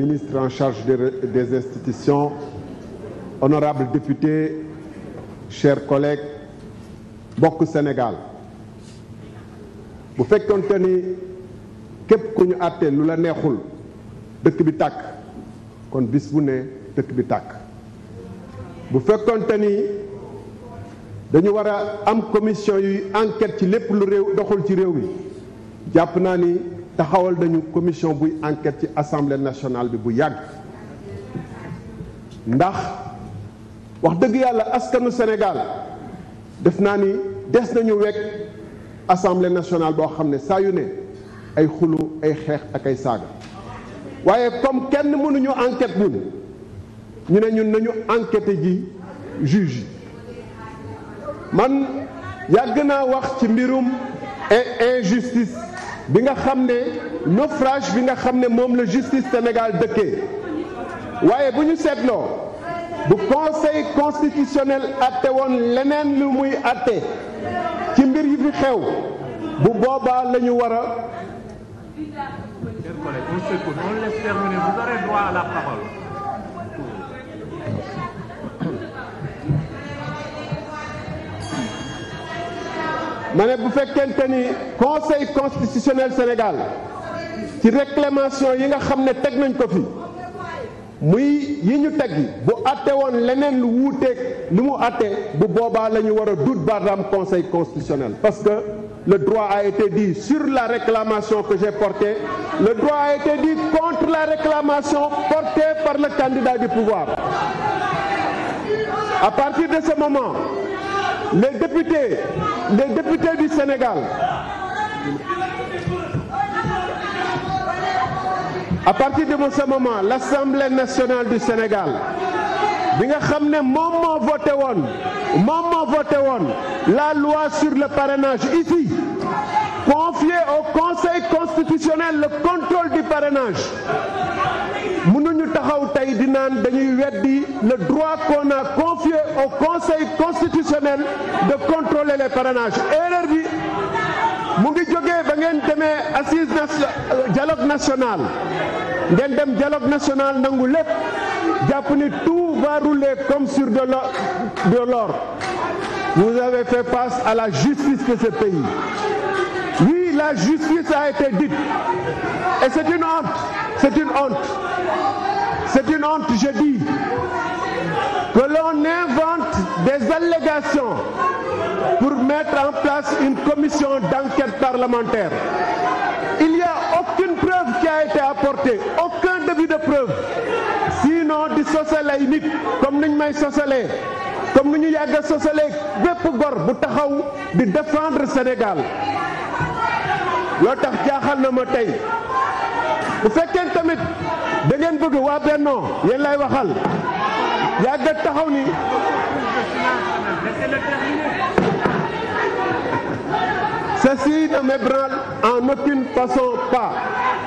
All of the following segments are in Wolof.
ministre en charge des institutions, honorables députés, cher collègues bokk Sénégal bu fekkonte ni képp ku ñu àttee lu la neexul dëkk bi tàkk kon bis bu ne dëkk bi tàkk bu fekkonte ni dañu war a am commission yuy enquête ci lépp lu réew doxul ci réew yi jàpp naa ni taxawal dañu commission buy enquête ci assemblée nationale bi bu yàgg ndax wax dëgg yàlla askanu Sénégal def naa ni des nañu wekk assemblée nationale boo xam ne saa yu ne ay xulu ay xeex ak ay saaga waaye comme kenn mënuñu enquête ñun ñu ne ñun nañu enquête ji juge man yàgg naa wax ci mbirum injustice bi nga xam ne naufrage bi nga xam ne moom la justice Sénégal dëkkee waaye bu ñu seetloo bu conseil constitutionnel atte woon leneen lu muy atte ci mbir yi fi xew bu boobaa la ñu war a ma bu fekkente ni conseil constitutionnel Sénégal ci réclamation yi nga xam ne teg nañ ko fi muy yi ñu teg bu àtte woon leneen lu wuuteeg li mu àtte bu boobaa la ñu war a dut baaraam conseil constitutionnel parce que le droit a été dit sur la réclamation que j'ai portée le droit a été dit contre la réclamation portée par le candidat du pouvoir à partir de ce moment les députés, les députés du Sénégal, à partir de ce moment l'Assemblée nationale du Sénégal bi nga xam ne moom moo woon la loi sur le parrainage ici confier au Conseil constitutionnel le contrôle du parrainage taxaw tey di naan dañuy weddi le droit qu'on a confié au conseil constitutionnel de contrôler les parrainages erreur bi mu ngi jógee ba ngeen demee assise dialogue national ngeen dem dialogue national nangu lépp jàpp ni tout va rouler comme sur de l'or vous avez fait face à la justice de ce pays oui la justice a été dite et c'est une honte c'est une honte C'est une honte, je dis, que l'on invente des allégations pour mettre en place une commission d'enquête parlementaire. Il n'y a aucune preuve qui a été apportée, aucun début de preuve. Sinon, di sosale nit comme niñ may sosalee comme ni ñu yàgg a sosalee bépp gor bu taxaw di défendre Sénégal loo tax jaaxal na ma tey bu fekkee tamit. da ngeen bëgg waa Bennoo yéen lay waxal yàgg taxaw ni. Ceci ne m'ébranle en aucune façon pas.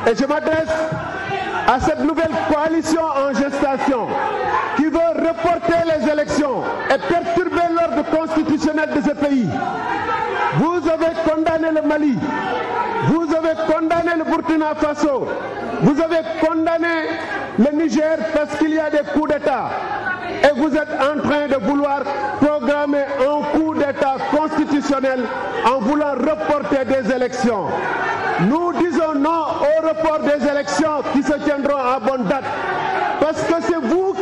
Et je m'adresse à cette nouvelle coalition en gestation qui veut reporter les élections et perturber l'ordre constitutionnel de ce pays. Vous avez condamné le Mali, vous avez condamné le Burkina Faso, vous avez condamné le Niger parce qu'il y a des coups d'État. Et vous êtes en train de vouloir programmer un coup d'État constitutionnel en voulant reporter des élections. Nous disons non au report des élections qui se tiendront à bonne date. Parce que c'est vous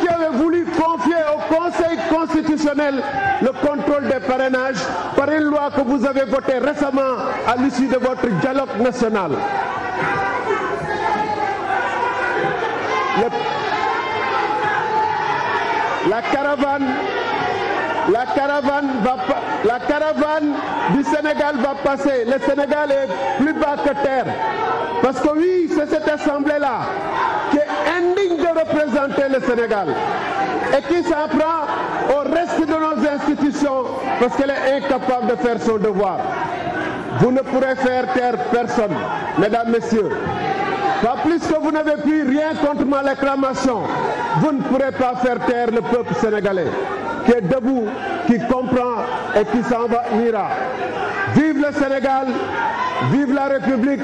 constitutionnel le contrôle que vous la caravane la caravane, va, la caravane du Sénégal va passer. Le Sénégal est plus bas que terre. Parce que oui, c'est cette assemblée-là qui est indigne de représenter le Sénégal et qui s'en prend au partie de nos institutions parce qu'elle est incapable de faire son devoir. Vous ne pourrez faire taire personne, mesdames, messieurs. Pas plus que vous n'avez pu rien contre ma réclamation, vous ne pourrez pas faire taire le peuple sénégalais qui est debout, qui comprend et qui s'en va ira. Vive le Sénégal, vive la République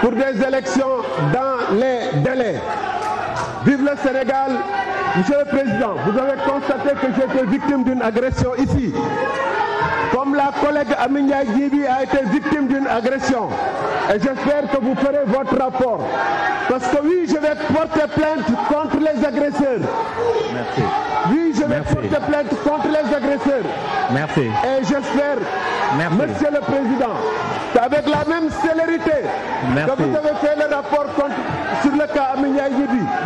pour des élections dans les délais. Vive le Sénégal, Monsieur le Président, vous avez constaté que j'étais victime d'une agression ici. Comme la collègue Aminia Gibi a été victime d'une agression. Et j'espère que vous ferez votre rapport. Parce que oui, je vais porter plainte contre les agresseurs. Oui, je vais porter plainte contre les agresseurs. Et j'espère, Monsieur le Président, qu'avec la même célérité que vous avez fait le rapport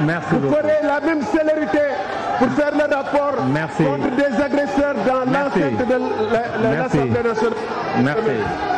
Merci vous la même célérité pour faire le rapport Merci. contre des agresseurs dans l'enceinte de l'Assemblée nationale. Merci.